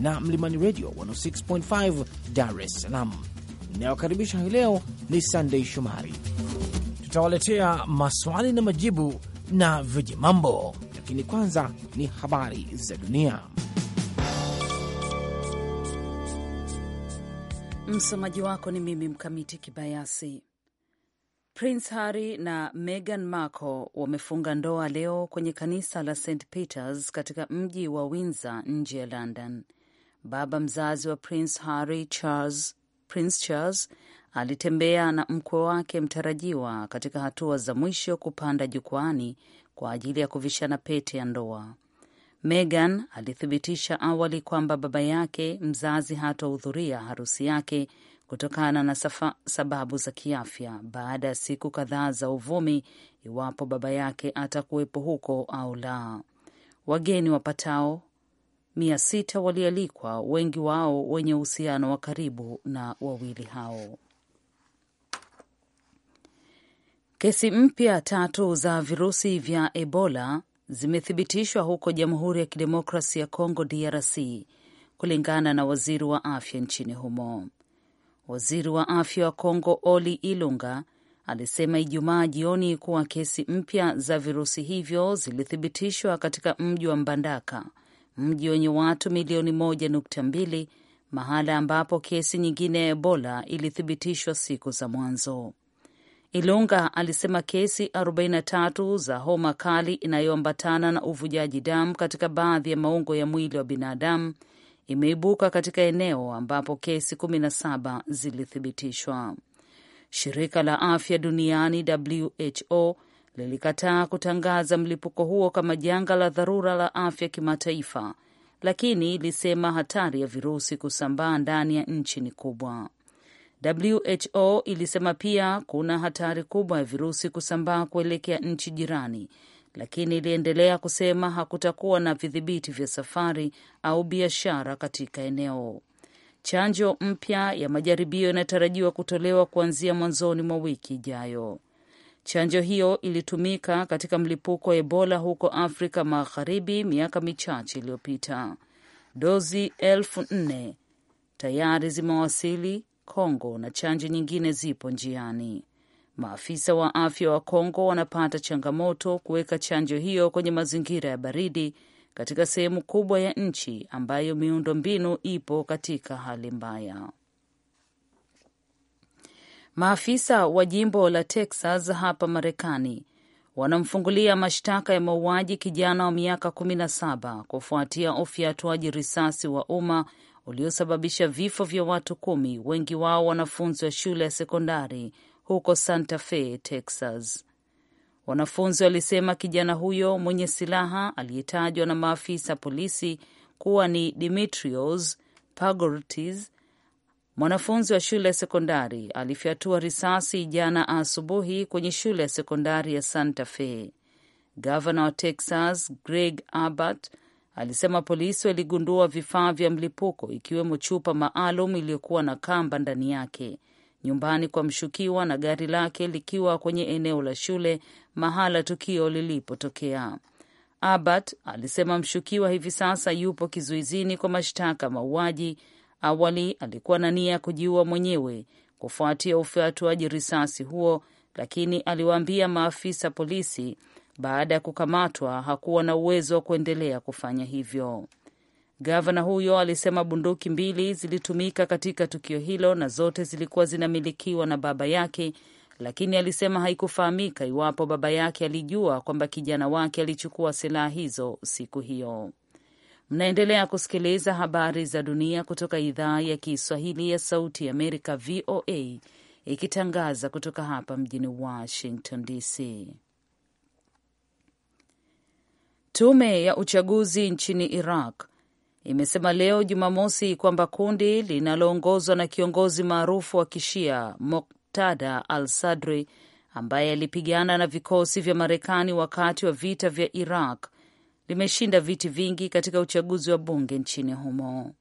na Mlimani Radio 106.5 Dar es Salaam. Inayokaribisha hii leo ni Sandei Shomari. Tutawaletea maswali na majibu na viji mambo, lakini kwanza ni habari za dunia. Msomaji wako ni mimi Mkamiti Kibayasi. Prince Harry na Meghan Markle wamefunga ndoa leo kwenye kanisa la St Peters katika mji wa Windsor nje ya London baba mzazi wa Prince Harry Charles, Prince Charles alitembea na mkwe wake mtarajiwa katika hatua za mwisho kupanda jukwani kwa ajili ya kuvishana pete ya ndoa. Meghan alithibitisha awali kwamba baba yake mzazi hatahudhuria harusi yake kutokana na safa, sababu za kiafya, baada ya siku kadhaa za uvumi iwapo baba yake atakuwepo huko au la. Wageni wapatao mia sita walialikwa, wengi wao wenye uhusiano wa karibu na wawili hao. Kesi mpya tatu za virusi vya Ebola zimethibitishwa huko Jamhuri ya Kidemokrasi ya congo DRC, kulingana na waziri wa afya nchini humo. Waziri wa afya wa Kongo, Oli Ilunga, alisema Ijumaa jioni kuwa kesi mpya za virusi hivyo zilithibitishwa katika mji wa Mbandaka, mji wenye watu milioni moja nukta mbili mahala ambapo kesi nyingine ya Ebola ilithibitishwa siku za mwanzo. Ilunga alisema kesi 43 za homa kali inayoambatana na uvujaji damu katika baadhi ya maungo ya mwili wa binadamu imeibuka katika eneo ambapo kesi 17 zilithibitishwa. Shirika la afya duniani WHO lilikataa kutangaza mlipuko huo kama janga la dharura la afya kimataifa, lakini ilisema hatari ya virusi kusambaa ndani ya nchi ni kubwa. WHO ilisema pia kuna hatari kubwa ya virusi kusambaa kuelekea nchi jirani, lakini iliendelea kusema hakutakuwa na vidhibiti vya safari au biashara katika eneo. Chanjo mpya ya majaribio inatarajiwa kutolewa kuanzia mwanzoni mwa wiki ijayo. Chanjo hiyo ilitumika katika mlipuko wa Ebola huko Afrika Magharibi miaka michache iliyopita. Dozi elfu nne tayari zimewasili Kongo na chanjo nyingine zipo njiani. Maafisa wa afya wa Kongo wanapata changamoto kuweka chanjo hiyo kwenye mazingira ya baridi katika sehemu kubwa ya nchi ambayo miundo mbinu ipo katika hali mbaya. Maafisa wa jimbo la Texas hapa Marekani wanamfungulia mashtaka ya mauaji kijana wa miaka kumi na saba kufuatia ufyatuaji risasi wa umma uliosababisha vifo vya watu kumi, wengi wao wanafunzi wa shule ya sekondari huko Santa Fe, Texas. Wanafunzi walisema kijana huyo mwenye silaha aliyetajwa na maafisa polisi kuwa ni Dimitrios Pagortis Mwanafunzi wa shule ya sekondari alifyatua risasi jana asubuhi kwenye shule ya sekondari ya Santa Fe. Gavana wa Texas Greg Abbott alisema polisi waligundua vifaa vya mlipuko ikiwemo chupa maalum iliyokuwa na kamba ndani yake nyumbani kwa mshukiwa na gari lake likiwa kwenye eneo la shule mahala tukio lilipotokea. Abbott alisema mshukiwa hivi sasa yupo kizuizini kwa mashtaka mauaji Awali alikuwa na nia ya kujiua mwenyewe kufuatia ufyatuaji risasi huo, lakini aliwaambia maafisa polisi baada ya kukamatwa hakuwa na uwezo wa kuendelea kufanya hivyo. Gavana huyo alisema bunduki mbili zilitumika katika tukio hilo na zote zilikuwa zinamilikiwa na baba yake, lakini alisema haikufahamika iwapo baba yake alijua kwamba kijana wake alichukua silaha hizo siku hiyo. Mnaendelea kusikiliza habari za dunia kutoka idhaa ya Kiswahili ya Sauti ya Amerika, VOA, ikitangaza kutoka hapa mjini Washington DC. Tume ya uchaguzi nchini Iraq imesema leo Jumamosi kwamba kundi linaloongozwa na kiongozi maarufu wa kishia Moktada al Sadri ambaye alipigana na vikosi vya Marekani wakati wa vita vya Iraq limeshinda viti vingi katika uchaguzi wa bunge nchini humo.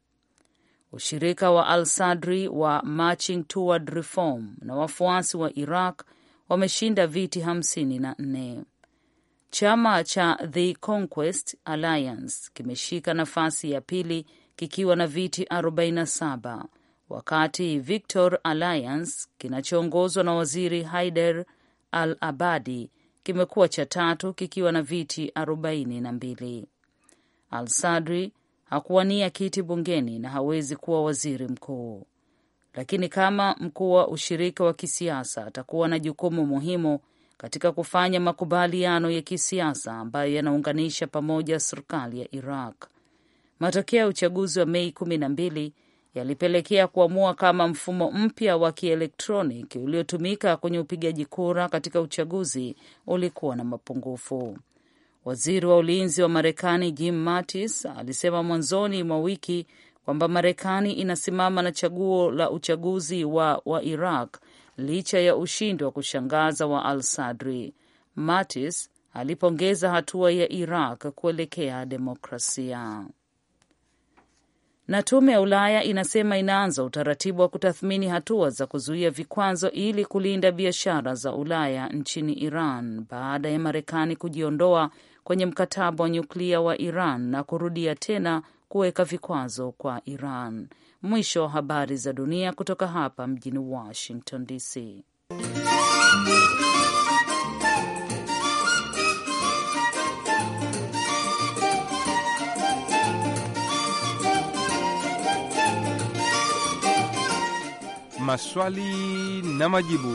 Ushirika wa Al Sadri wa Marching Toward Reform na wafuasi wa Iraq wameshinda viti hamsini na nne. Chama cha The Conquest Alliance kimeshika nafasi ya pili kikiwa na viti 47 wakati Victor Alliance kinachoongozwa na waziri Haider Al Abadi kimekuwa cha tatu kikiwa na viti 42. Al Sadri hakuwania kiti bungeni na hawezi kuwa waziri mkuu, lakini kama mkuu wa ushirika wa kisiasa atakuwa na jukumu muhimu katika kufanya makubaliano ya kisiasa ambayo yanaunganisha pamoja serikali ya Iraq. Matokeo ya uchaguzi wa Mei kumi na mbili yalipelekea kuamua kama mfumo mpya wa kielektroniki uliotumika kwenye upigaji kura katika uchaguzi ulikuwa na mapungufu. Waziri wa ulinzi wa Marekani Jim Mattis alisema mwanzoni mwa wiki kwamba Marekani inasimama na chaguo la uchaguzi wa wa Iraq licha ya ushindi wa kushangaza wa al Sadri. Mattis alipongeza hatua ya Iraq kuelekea demokrasia na tume ya Ulaya inasema inaanza utaratibu wa kutathmini hatua za kuzuia vikwazo ili kulinda biashara za Ulaya nchini Iran baada ya Marekani kujiondoa kwenye mkataba wa nyuklia wa Iran na kurudia tena kuweka vikwazo kwa Iran. Mwisho wa habari za dunia kutoka hapa mjini Washington DC. maswali na majibu.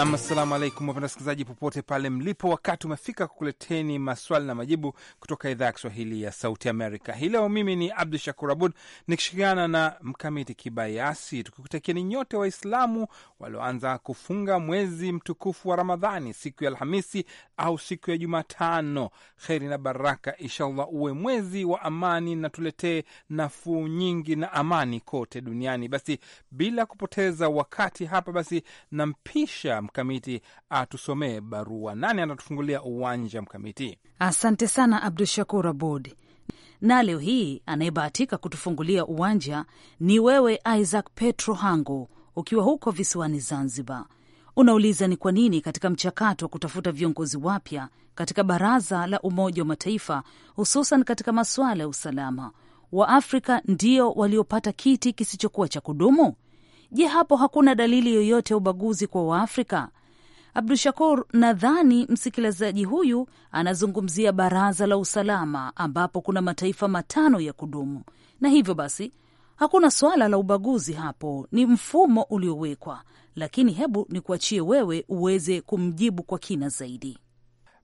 Nam, assalamu alaikum wapenda wasikilizaji popote pale mlipo, wakati umefika kukuleteni maswali na majibu kutoka idhaa ya Kiswahili ya Sauti Amerika. Hii leo mimi ni Abdu Shakur Abud nikishirikiana na Mkamiti Kibayasi tukikutakieni nyote Waislamu walioanza kufunga mwezi mtukufu wa Ramadhani siku ya Alhamisi au siku ya Jumatano, kheri na baraka inshallah, uwe mwezi wa amani na tuletee nafuu nyingi na amani kote duniani. Basi bila kupoteza wakati hapa, basi nampisha Mkamiti atusomee barua. Nani anatufungulia uwanja, Mkamiti? Asante sana Abdu Shakur Abud. Na leo hii anayebahatika kutufungulia uwanja ni wewe Isaac Petro Hango, ukiwa huko visiwani Zanzibar. Unauliza ni kwa nini katika mchakato wa kutafuta viongozi wapya katika Baraza la Umoja wa Mataifa, hususan katika masuala ya usalama, Waafrika ndio waliopata kiti kisichokuwa cha kudumu? Je, hapo hakuna dalili yoyote ya ubaguzi kwa Waafrika? Abdu Shakur, nadhani msikilizaji huyu anazungumzia Baraza la Usalama ambapo kuna mataifa matano ya kudumu, na hivyo basi hakuna swala la ubaguzi hapo, ni mfumo uliowekwa. Lakini hebu nikuachie wewe uweze kumjibu kwa kina zaidi.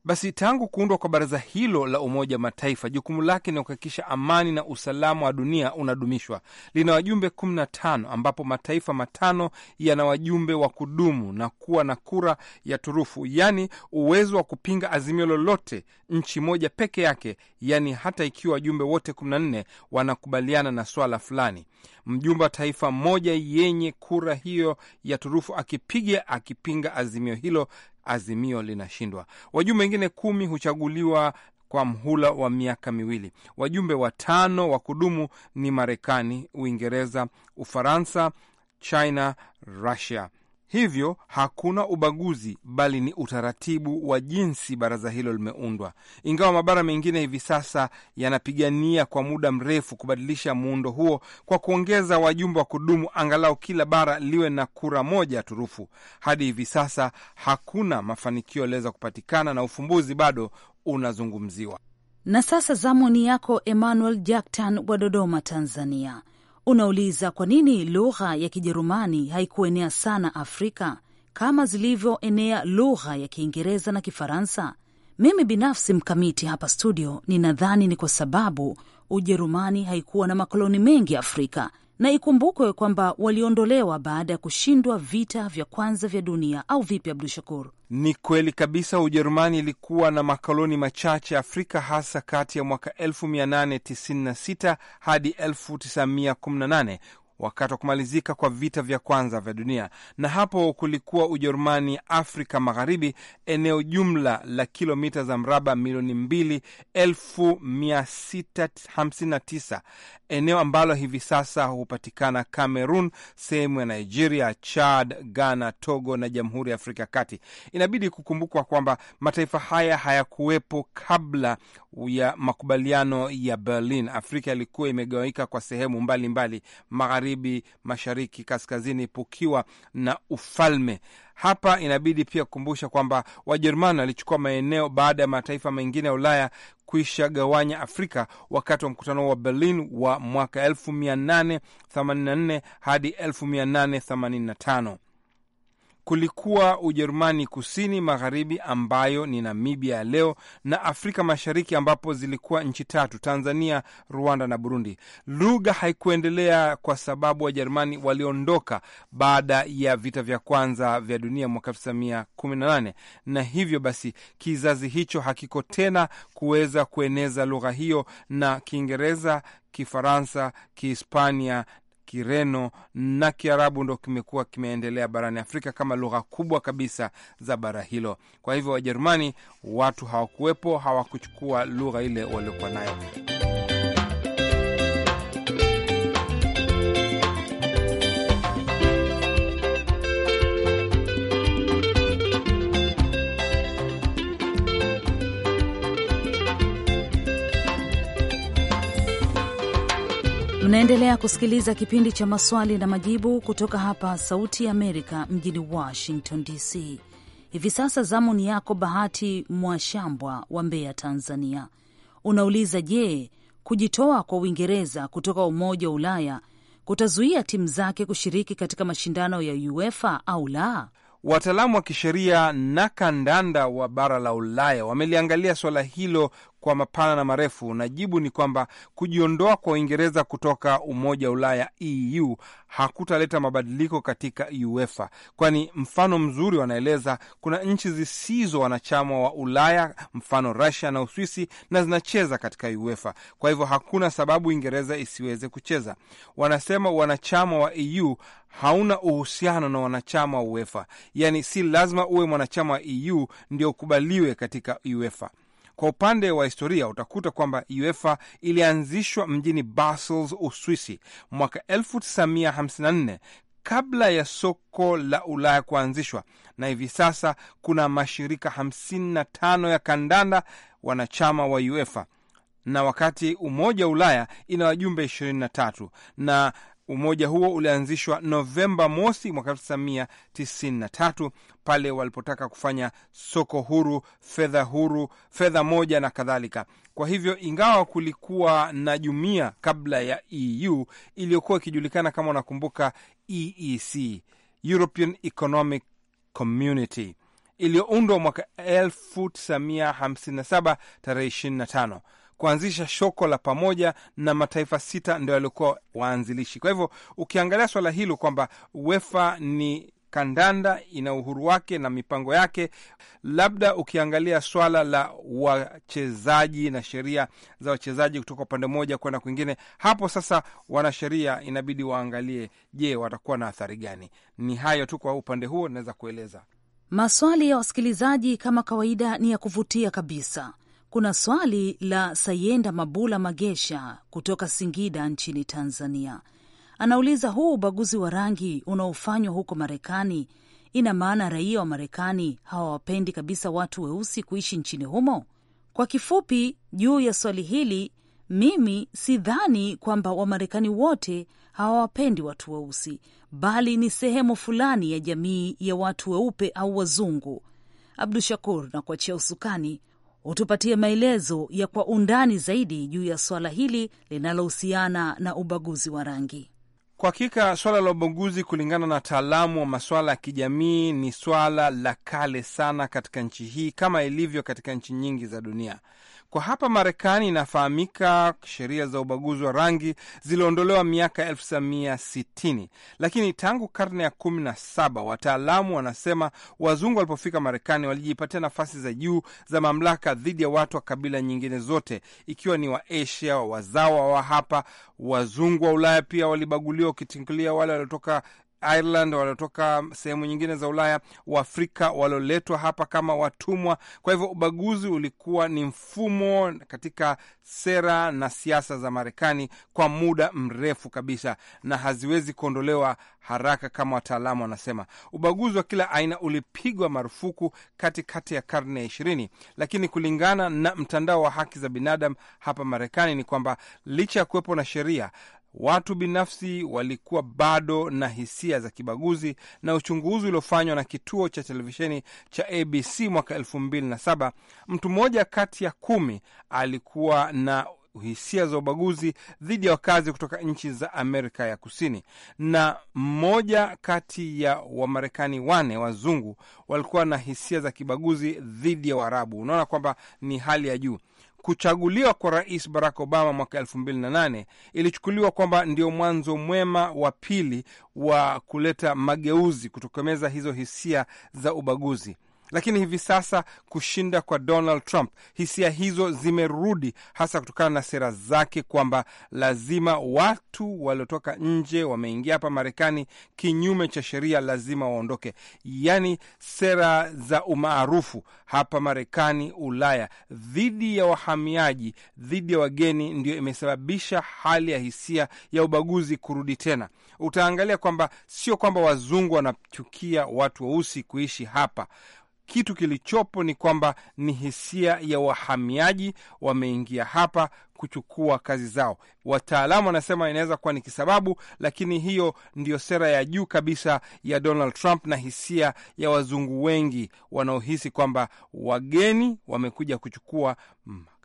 Basi tangu kuundwa kwa baraza hilo la Umoja Mataifa, jukumu lake ni kuhakikisha amani na usalama wa dunia unadumishwa. Lina wajumbe 15 ambapo mataifa matano yana wajumbe wa kudumu na kuwa na kura ya turufu, yaani uwezo wa kupinga azimio lolote nchi moja peke yake, yaani hata ikiwa wajumbe wote 14 wanakubaliana na swala fulani mjumbe wa taifa moja yenye kura hiyo ya turufu akipiga akipinga azimio hilo, azimio linashindwa. Wajumbe wengine kumi huchaguliwa kwa mhula wa miaka miwili. Wajumbe watano wa kudumu ni Marekani, Uingereza, Ufaransa, China, Rusia, Hivyo hakuna ubaguzi, bali ni utaratibu wa jinsi baraza hilo limeundwa. Ingawa mabara mengine hivi sasa yanapigania kwa muda mrefu kubadilisha muundo huo kwa kuongeza wajumbe wa kudumu, angalau kila bara liwe na kura moja turufu, hadi hivi sasa hakuna mafanikio yaliweza kupatikana na ufumbuzi bado unazungumziwa. Na sasa zamu ni yako Emmanuel Jacktan wa Dodoma, Tanzania. Unauliza kwa nini lugha ya Kijerumani haikuenea sana Afrika kama zilivyoenea lugha ya Kiingereza na Kifaransa. Mimi binafsi mkamiti hapa studio, ninadhani ni kwa sababu Ujerumani haikuwa na makoloni mengi Afrika, na ikumbukwe kwamba waliondolewa baada ya kushindwa vita vya kwanza vya dunia, au vipi, Abdu Shakur? Ni kweli kabisa. Ujerumani ilikuwa na makoloni machache Afrika, hasa kati ya mwaka 1896 hadi 1918 wakati wa kumalizika kwa vita vya kwanza vya dunia, na hapo kulikuwa Ujerumani Afrika Magharibi, eneo jumla la kilomita za mraba milioni 2,659, eneo ambalo hivi sasa hupatikana Cameroon, sehemu ya Nigeria, Chad, Ghana, Togo na Jamhuri ya Afrika ya Kati. Inabidi kukumbukwa kwamba mataifa haya hayakuwepo kabla ya makubaliano ya Berlin, Afrika ilikuwa imegawanyika kwa sehemu mbalimbali mbali, magharibi, mashariki, kaskazini, pukiwa na ufalme. Hapa inabidi pia kukumbusha kwamba Wajerumani walichukua maeneo baada ya mataifa mengine ya Ulaya kuisha gawanya Afrika wakati wa mkutano wa Berlin wa mwaka 1884 hadi 1885 kulikuwa Ujerumani kusini magharibi ambayo ni Namibia ya leo na Afrika Mashariki ambapo zilikuwa nchi tatu, Tanzania, Rwanda na Burundi. Lugha haikuendelea kwa sababu Wajerumani waliondoka baada ya vita vya kwanza vya dunia mwaka 1918 na hivyo basi kizazi hicho hakiko tena kuweza kueneza lugha hiyo, na Kiingereza, Kifaransa, Kihispania Kireno na Kiarabu ndo kimekuwa kimeendelea barani Afrika kama lugha kubwa kabisa za bara hilo. Kwa hivyo, Wajerumani watu hawakuwepo, hawakuchukua lugha ile waliokuwa nayo. Unaendelea kusikiliza kipindi cha maswali na majibu kutoka hapa Sauti ya Amerika mjini Washington DC. Hivi sasa zamu ni yako Bahati Mwashambwa wa Mbeya, Tanzania. Unauliza, je, kujitoa kwa Uingereza kutoka Umoja wa Ulaya kutazuia timu zake kushiriki katika mashindano ya UEFA au la? Wataalamu wa kisheria na kandanda wa bara la Ulaya wameliangalia suala hilo kwa mapana na marefu, na jibu ni kwamba kujiondoa kwa Uingereza kutoka Umoja wa Ulaya EU hakutaleta mabadiliko katika UEFA, kwani mfano mzuri wanaeleza, kuna nchi zisizo wanachama wa Ulaya, mfano Russia na Uswisi, na zinacheza katika UEFA. Kwa hivyo hakuna sababu Uingereza isiweze kucheza. Wanasema wanachama wa EU hauna uhusiano na wanachama wa UEFA, yaani si lazima uwe mwanachama wa EU ndio ukubaliwe katika UEFA. Kwa upande wa historia utakuta kwamba UEFA ilianzishwa mjini Basel, Uswisi mwaka 1954 kabla ya soko la Ulaya kuanzishwa, na hivi sasa kuna mashirika 55 ya kandanda wanachama wa UEFA na wakati Umoja wa Ulaya ina wajumbe 23 na Umoja huo ulianzishwa Novemba mosi mwaka 1993 pale walipotaka kufanya soko huru, fedha huru, fedha moja na kadhalika. Kwa hivyo, ingawa kulikuwa na jumuiya kabla ya EU iliyokuwa ikijulikana kama, unakumbuka, EEC, European Economic Community iliyoundwa mwaka 1957 tarehe 25 kuanzisha shoko la pamoja, na mataifa sita ndio yaliokuwa waanzilishi. Kwa hivyo ukiangalia swala hilo kwamba UEFA ni kandanda ina uhuru wake na mipango yake. Labda ukiangalia swala la wachezaji na sheria za wachezaji kutoka upande mmoja kwenda kwingine, hapo sasa wanasheria inabidi waangalie, je, watakuwa na athari gani? Ni hayo tu kwa upande huo naweza kueleza. Maswali ya wasikilizaji kama kawaida ni ya kuvutia kabisa. Kuna swali la Sayenda Mabula Magesha kutoka Singida nchini Tanzania. Anauliza, huu ubaguzi wa rangi unaofanywa huko Marekani, ina maana raia wa Marekani hawawapendi kabisa watu weusi kuishi nchini humo? Kwa kifupi, juu ya swali hili, mimi sidhani kwamba Wamarekani wote hawawapendi watu weusi, bali ni sehemu fulani ya jamii ya watu weupe au wazungu. Abdu Shakur, na kuachia usukani utupatie maelezo ya kwa undani zaidi juu ya swala hili linalohusiana na ubaguzi wa rangi. Kwa hakika swala la ubaguzi, kulingana na wataalamu wa masuala ya kijamii, ni swala la kale sana katika nchi hii kama ilivyo katika nchi nyingi za dunia. Kwa hapa Marekani inafahamika sheria za ubaguzi wa rangi ziliondolewa miaka 1960 lakini tangu karne ya 17 wataalamu wanasema wazungu walipofika Marekani walijipatia nafasi za juu za mamlaka dhidi ya watu wa kabila nyingine zote, ikiwa ni Waasia, wazawa wa hapa. Wazungu wa Ulaya pia walibaguliwa, ukitingulia wale waliotoka Ireland, waliotoka sehemu nyingine za Ulaya, Waafrika walioletwa hapa kama watumwa. Kwa hivyo ubaguzi ulikuwa ni mfumo katika sera na siasa za Marekani kwa muda mrefu kabisa, na haziwezi kuondolewa haraka kama wataalamu wanasema. Ubaguzi wa kila aina ulipigwa marufuku katikati ya karne ya ishirini, lakini kulingana na mtandao wa haki za binadamu hapa Marekani ni kwamba licha ya kuwepo na sheria watu binafsi walikuwa bado na hisia za kibaguzi, na uchunguzi uliofanywa na kituo cha televisheni cha ABC mwaka saba, mtu mmoja kati ya kumi alikuwa na hisia za ubaguzi dhidi ya wakazi kutoka nchi za Amerika ya Kusini, na mmoja kati ya Wamarekani wane wazungu walikuwa na hisia za kibaguzi dhidi ya Waarabu. Unaona kwamba ni hali ya juu kuchaguliwa kwa Rais Barack Obama mwaka elfu mbili na nane ilichukuliwa kwamba ndio mwanzo mwema wa pili wa kuleta mageuzi, kutokomeza hizo hisia za ubaguzi. Lakini hivi sasa kushinda kwa Donald Trump, hisia hizo zimerudi, hasa kutokana na sera zake kwamba lazima watu waliotoka nje wameingia hapa Marekani kinyume cha sheria lazima waondoke, yaani sera za umaarufu hapa Marekani, Ulaya dhidi ya wahamiaji, dhidi ya wageni, ndio imesababisha hali ya hisia ya ubaguzi kurudi tena. Utaangalia kwamba sio kwamba wazungu wanachukia watu weusi kuishi hapa kitu kilichopo ni kwamba ni hisia ya wahamiaji wameingia hapa kuchukua kazi zao. Wataalamu wanasema inaweza kuwa ni kisababu, lakini hiyo ndiyo sera ya juu kabisa ya Donald Trump na hisia ya wazungu wengi wanaohisi kwamba wageni wamekuja kuchukua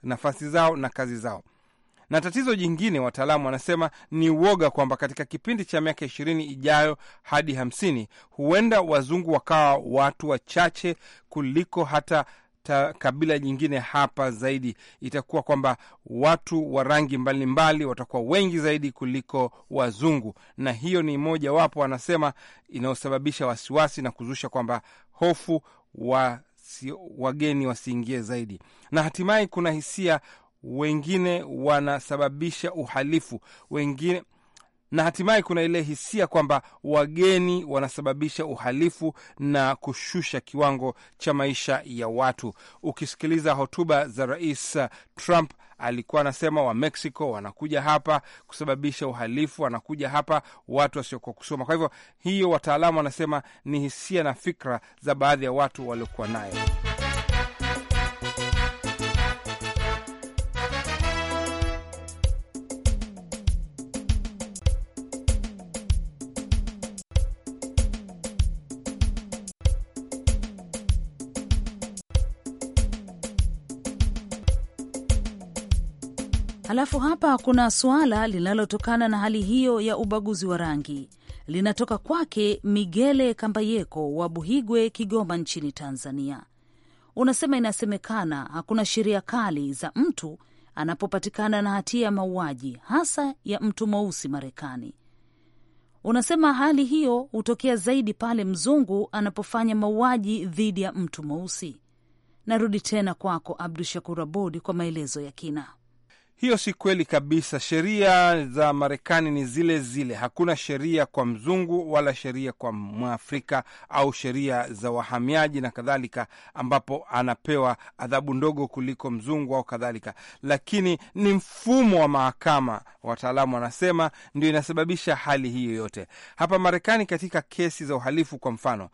nafasi zao na kazi zao. Na tatizo jingine, wataalamu wanasema ni uoga kwamba katika kipindi cha miaka ishirini ijayo hadi hamsini huenda wazungu wakawa watu wachache kuliko hata ta kabila jingine hapa zaidi. Itakuwa kwamba watu wa rangi mbalimbali watakuwa wengi zaidi kuliko wazungu, na hiyo ni moja wapo wanasema inayosababisha wasiwasi na kuzusha kwamba hofu wa wageni wasiingie zaidi, na hatimaye kuna hisia wengine wanasababisha uhalifu, wengine na hatimaye kuna ile hisia kwamba wageni wanasababisha uhalifu na kushusha kiwango cha maisha ya watu. Ukisikiliza hotuba za Rais Trump, alikuwa anasema Wamexico wanakuja hapa kusababisha uhalifu, wanakuja hapa watu wasiokuwa kusoma. Kwa hivyo hiyo, wataalamu wanasema ni hisia na fikra za baadhi ya watu waliokuwa nayo. Halafu hapa kuna suala linalotokana na hali hiyo ya ubaguzi wa rangi linatoka kwake Migele Kambayeko wa Buhigwe, Kigoma nchini Tanzania. Unasema inasemekana hakuna sheria kali za mtu anapopatikana na hatia ya mauaji hasa ya mtu mweusi Marekani. Unasema hali hiyo hutokea zaidi pale mzungu anapofanya mauaji dhidi ya mtu mweusi. Narudi tena kwako Abdu Shakur Abodi kwa maelezo ya kina. Hiyo si kweli kabisa. Sheria za Marekani ni zile zile, hakuna sheria kwa mzungu wala sheria kwa Mwafrika au sheria za wahamiaji na kadhalika, ambapo anapewa adhabu ndogo kuliko mzungu au kadhalika. Lakini ni mfumo wa mahakama, wataalamu wanasema, ndio inasababisha hali hiyo yote hapa Marekani. Katika kesi za uhalifu, kwa mfano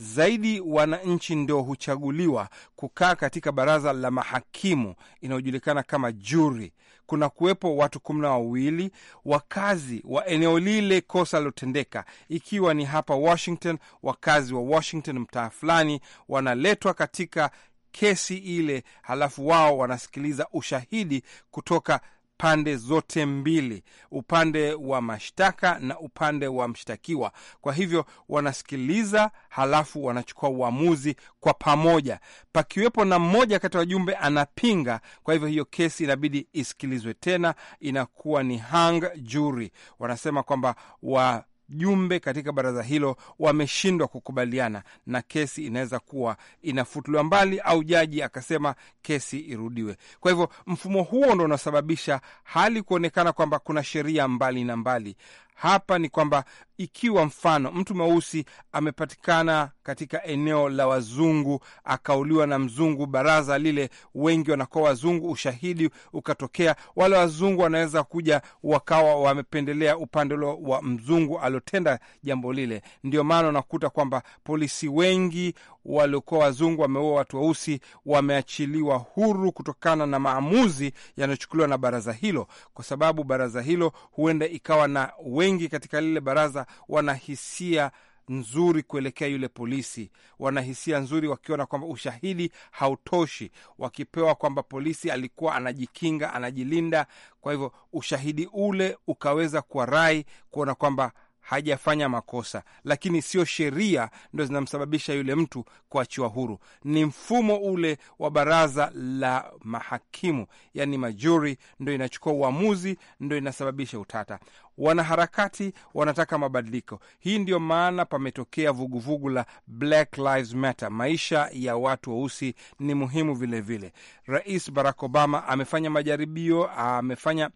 zaidi wananchi ndio huchaguliwa kukaa katika baraza la mahakimu inayojulikana kama juri. Kuna kuwepo watu kumi na wawili wakazi wa eneo lile kosa lilotendeka, ikiwa ni hapa Washington, wakazi wa Washington mtaa fulani wanaletwa katika kesi ile, halafu wao wanasikiliza ushahidi kutoka pande zote mbili, upande wa mashtaka na upande wa mshtakiwa. Kwa hivyo wanasikiliza, halafu wanachukua uamuzi kwa pamoja, pakiwepo na mmoja kati ya wajumbe anapinga. Kwa hivyo hiyo kesi inabidi isikilizwe tena, inakuwa ni hang jury. Wanasema kwamba wa wajumbe katika baraza hilo wameshindwa kukubaliana, na kesi inaweza kuwa inafutuliwa mbali au jaji akasema kesi irudiwe. Kwa hivyo mfumo huo ndo unasababisha hali kuonekana kwamba kuna sheria mbali na mbali. Hapa ni kwamba ikiwa mfano mtu mweusi amepatikana katika eneo la wazungu, akauliwa na mzungu, baraza lile wengi wanakuwa wazungu, ushahidi ukatokea, wale wazungu wanaweza kuja wakawa wamependelea upande wa mzungu aliotenda jambo lile. Ndio maana unakuta kwamba polisi wengi waliokuwa wazungu wameua watu weusi wameachiliwa huru kutokana na maamuzi yanayochukuliwa na baraza hilo, kwa sababu baraza hilo huenda ikawa na wengi katika lile baraza wanahisia nzuri kuelekea yule polisi. Wana hisia nzuri wakiona kwamba ushahidi hautoshi, wakipewa kwamba polisi alikuwa anajikinga, anajilinda. Kwa hivyo ushahidi ule ukaweza kuwa rai kuona kwamba hajafanya makosa, lakini sio sheria ndo zinamsababisha yule mtu kuachiwa huru. Ni mfumo ule wa baraza la mahakimu, yani majuri, ndo inachukua uamuzi, ndo inasababisha utata. Wanaharakati wanataka mabadiliko. Hii ndiyo maana pametokea vuguvugu la Black Lives Matter. Maisha ya watu weusi ni muhimu vilevile vile. Rais Barack Obama amefanya majaribio, amefanya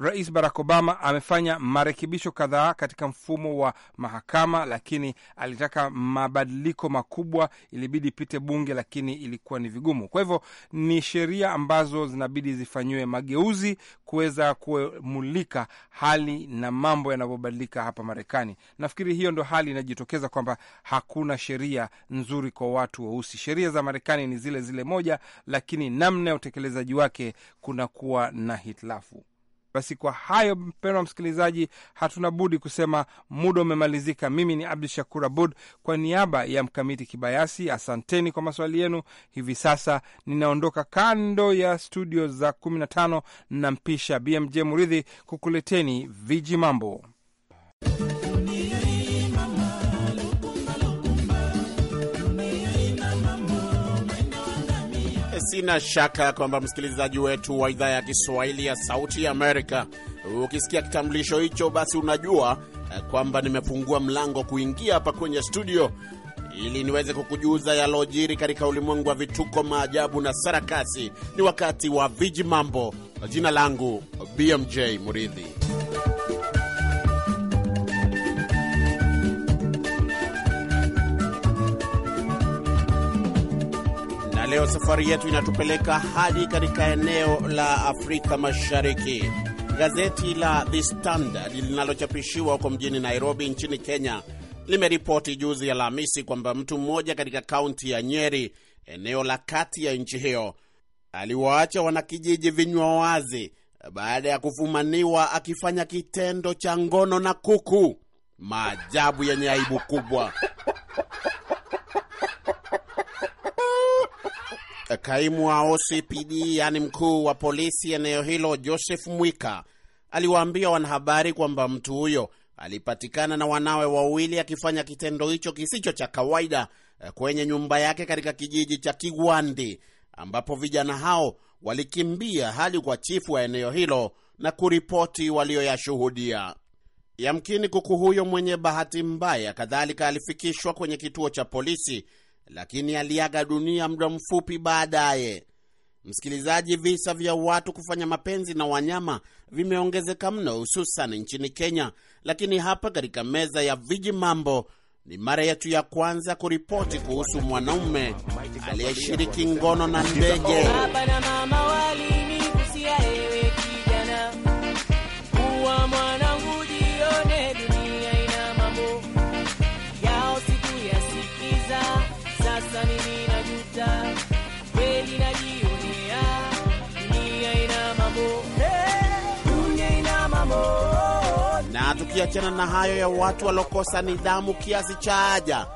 Rais Barack Obama amefanya marekebisho kadhaa katika mfumo wa mahakama, lakini alitaka mabadiliko makubwa, ilibidi ipite bunge, lakini ilikuwa ni vigumu. Kwa hivyo ni sheria ambazo zinabidi zifanyiwe mageuzi kuweza kumulika hali na mambo yanavyobadilika hapa Marekani. Nafikiri hiyo ndo hali inajitokeza kwamba hakuna sheria nzuri kwa watu weusi. Sheria za Marekani ni zile zile moja, lakini namna ya utekelezaji wake kunakuwa na hitilafu. Basi kwa hayo, mpendwa msikilizaji, hatuna budi kusema muda umemalizika. Mimi ni Abdu Shakur Abud kwa niaba ya Mkamiti Kibayasi, asanteni kwa maswali yenu. Hivi sasa ninaondoka kando ya studio za 15 na mpisha BMJ Muridhi kukuleteni viji mambo Sina shaka kwamba msikilizaji wetu wa idhaa ya Kiswahili ya Sauti ya Amerika, ukisikia kitambulisho hicho, basi unajua eh, kwamba nimefungua mlango kuingia hapa kwenye studio ili niweze kukujuza yalojiri katika ulimwengu wa vituko, maajabu na sarakasi. Ni wakati wa viji mambo. Jina langu BMJ Muridhi. leo safari yetu inatupeleka hadi katika eneo la Afrika Mashariki. Gazeti la The Standard linalochapishiwa huko mjini Nairobi nchini Kenya limeripoti juzi Alhamisi kwamba mtu mmoja katika kaunti ya Nyeri, eneo la kati ya nchi hiyo, aliwaacha wanakijiji vinywa wazi baada ya kufumaniwa akifanya kitendo cha ngono na kuku. Maajabu yenye aibu kubwa. Kaimu wa OCPD yaani mkuu wa polisi eneo hilo Joseph Mwika aliwaambia wanahabari kwamba mtu huyo alipatikana na wanawe wawili akifanya kitendo hicho kisicho cha kawaida eh, kwenye nyumba yake katika kijiji cha Kigwandi, ambapo vijana hao walikimbia hadi kwa chifu wa eneo hilo na kuripoti walioyashuhudia. Yamkini kuku huyo mwenye bahati mbaya kadhalika alifikishwa kwenye kituo cha polisi lakini aliaga dunia muda mfupi baadaye. Msikilizaji, visa vya watu kufanya mapenzi na wanyama vimeongezeka mno, hususan nchini Kenya, lakini hapa katika meza ya viji mambo ni mara yetu ya kwanza kuripoti kuhusu mwanaume aliyeshiriki ngono na ndege. tukiachana na hayo ya watu waliokosa nidhamu kiasi cha haja.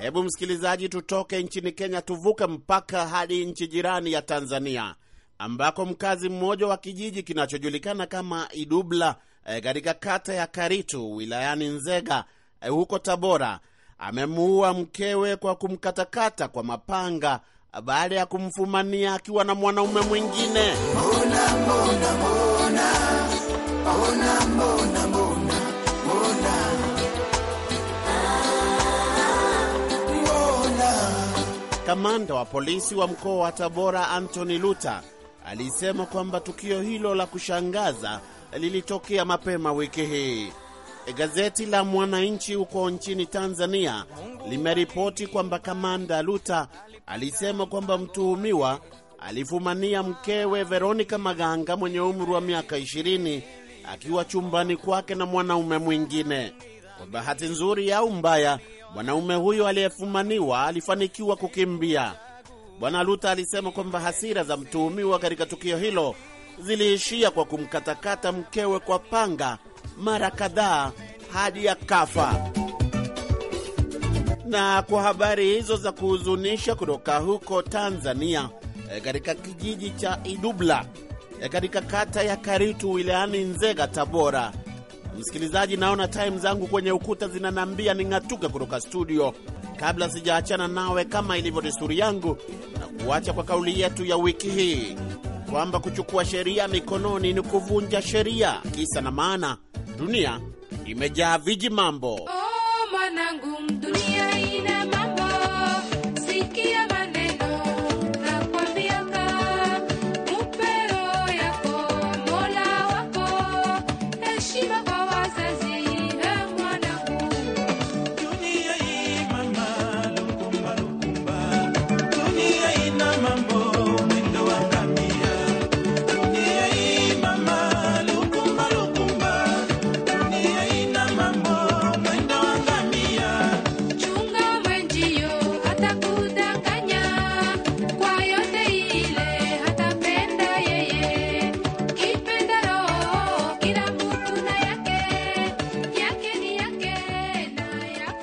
Hebu msikilizaji, tutoke nchini Kenya, tuvuke mpaka hadi nchi jirani ya Tanzania, ambako mkazi mmoja wa kijiji kinachojulikana kama Idubla eh, katika e, kata ya Karitu wilayani Nzega e, huko Tabora amemuua mkewe kwa kumkatakata kwa mapanga baada ya kumfumania akiwa na mwanaume mwingine. Mbona, mbona, mbona, mbona, mbona, mbona. Kamanda wa polisi wa mkoa wa Tabora Anthony Luta alisema kwamba tukio hilo la kushangaza lilitokea mapema wiki hii. Gazeti la Mwananchi huko nchini Tanzania limeripoti kwamba Kamanda Luta alisema kwamba mtuhumiwa alifumania mkewe Veronica Maganga mwenye umri wa miaka 20 akiwa chumbani kwake na mwanaume mwingine. Kwa bahati nzuri au mbaya Mwanaume huyo aliyefumaniwa alifanikiwa kukimbia. Bwana Luta alisema kwamba hasira za mtuhumiwa katika tukio hilo ziliishia kwa kumkatakata mkewe kwa panga mara kadhaa hadi akafa. Na kwa habari hizo za kuhuzunisha kutoka huko Tanzania, e, katika kijiji cha Idubla e, katika kata ya Karitu wilayani Nzega, Tabora. Msikilizaji, naona time zangu kwenye ukuta zinanambia ning'atuke kutoka studio. Kabla sijaachana nawe, kama ilivyo desturi yangu, na kuacha kwa kauli yetu ya wiki hii kwamba kuchukua sheria mikononi ni kuvunja sheria. Kisa na maana, dunia imejaa viji mambo. Oh, mwanangu, dunia ina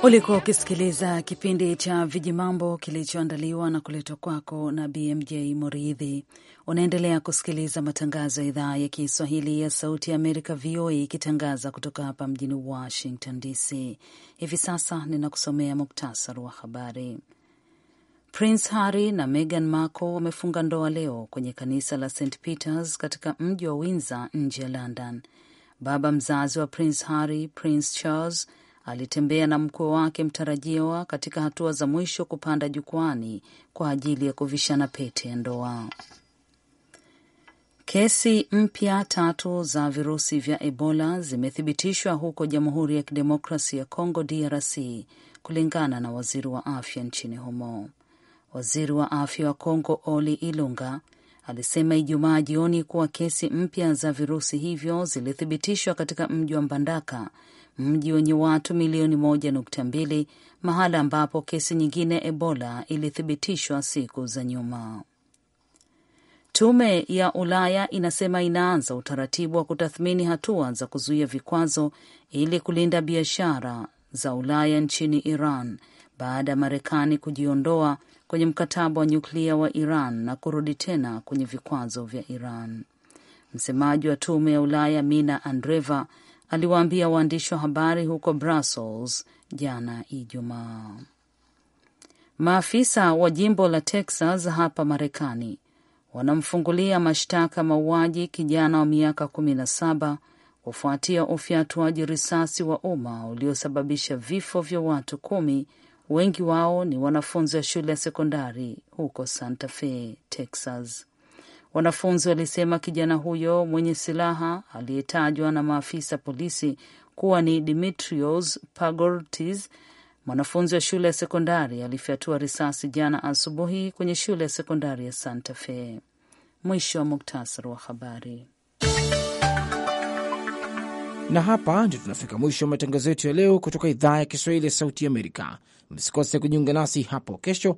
Ulikuwa ukisikiliza kipindi cha Vijimambo kilichoandaliwa na kuletwa kwako na BMJ Moridhi. Unaendelea kusikiliza matangazo ya idhaa ya Kiswahili ya Sauti ya Amerika, VOA, ikitangaza kutoka hapa mjini Washington DC. Hivi sasa ninakusomea muktasari wa habari. Prince Harry na Meghan Markle wamefunga ndoa leo kwenye kanisa la St Peters katika mji wa Windsor nje ya London. Baba mzazi wa Prince Harry, Prince Charles alitembea na mkwe wake mtarajiwa katika hatua za mwisho kupanda jukwani kwa ajili ya kuvishana pete ya ndoa. Kesi mpya tatu za virusi vya Ebola zimethibitishwa huko Jamhuri ya Kidemokrasi ya congo DRC, kulingana na waziri wa afya nchini humo. Waziri wa afya wa congo Oli Ilunga, alisema Ijumaa jioni kuwa kesi mpya za virusi hivyo zilithibitishwa katika mji wa Mbandaka mji wenye watu milioni moja nukta mbili, mahala ambapo kesi nyingine Ebola ilithibitishwa siku za nyuma. Tume ya Ulaya inasema inaanza utaratibu wa kutathmini hatua za kuzuia vikwazo ili kulinda biashara za Ulaya nchini Iran baada ya Marekani kujiondoa kwenye mkataba wa nyuklia wa Iran na kurudi tena kwenye vikwazo vya Iran. Msemaji wa tume ya Ulaya Mina Andreva aliwaambia waandishi wa habari huko Brussels jana Ijumaa. Maafisa wa jimbo la Texas hapa Marekani wanamfungulia mashtaka mauaji kijana wa miaka kumi na saba kufuatia ufyatuaji risasi wa umma uliosababisha vifo vya watu kumi, wengi wao ni wanafunzi wa shule ya sekondari huko Santa Fe, Texas. Wanafunzi walisema kijana huyo mwenye silaha aliyetajwa na maafisa polisi kuwa ni Dimitrios Pagortis, mwanafunzi wa shule ya sekondari, alifyatua risasi jana asubuhi kwenye shule ya sekondari ya Santa Fe. Mwisho wa muktasari wa habari. Na hapa ndio tunafika mwisho wa matangazo yetu ya leo kutoka idhaa ya Kiswahili ya Sauti Amerika. Msikose kujiunga nasi hapo kesho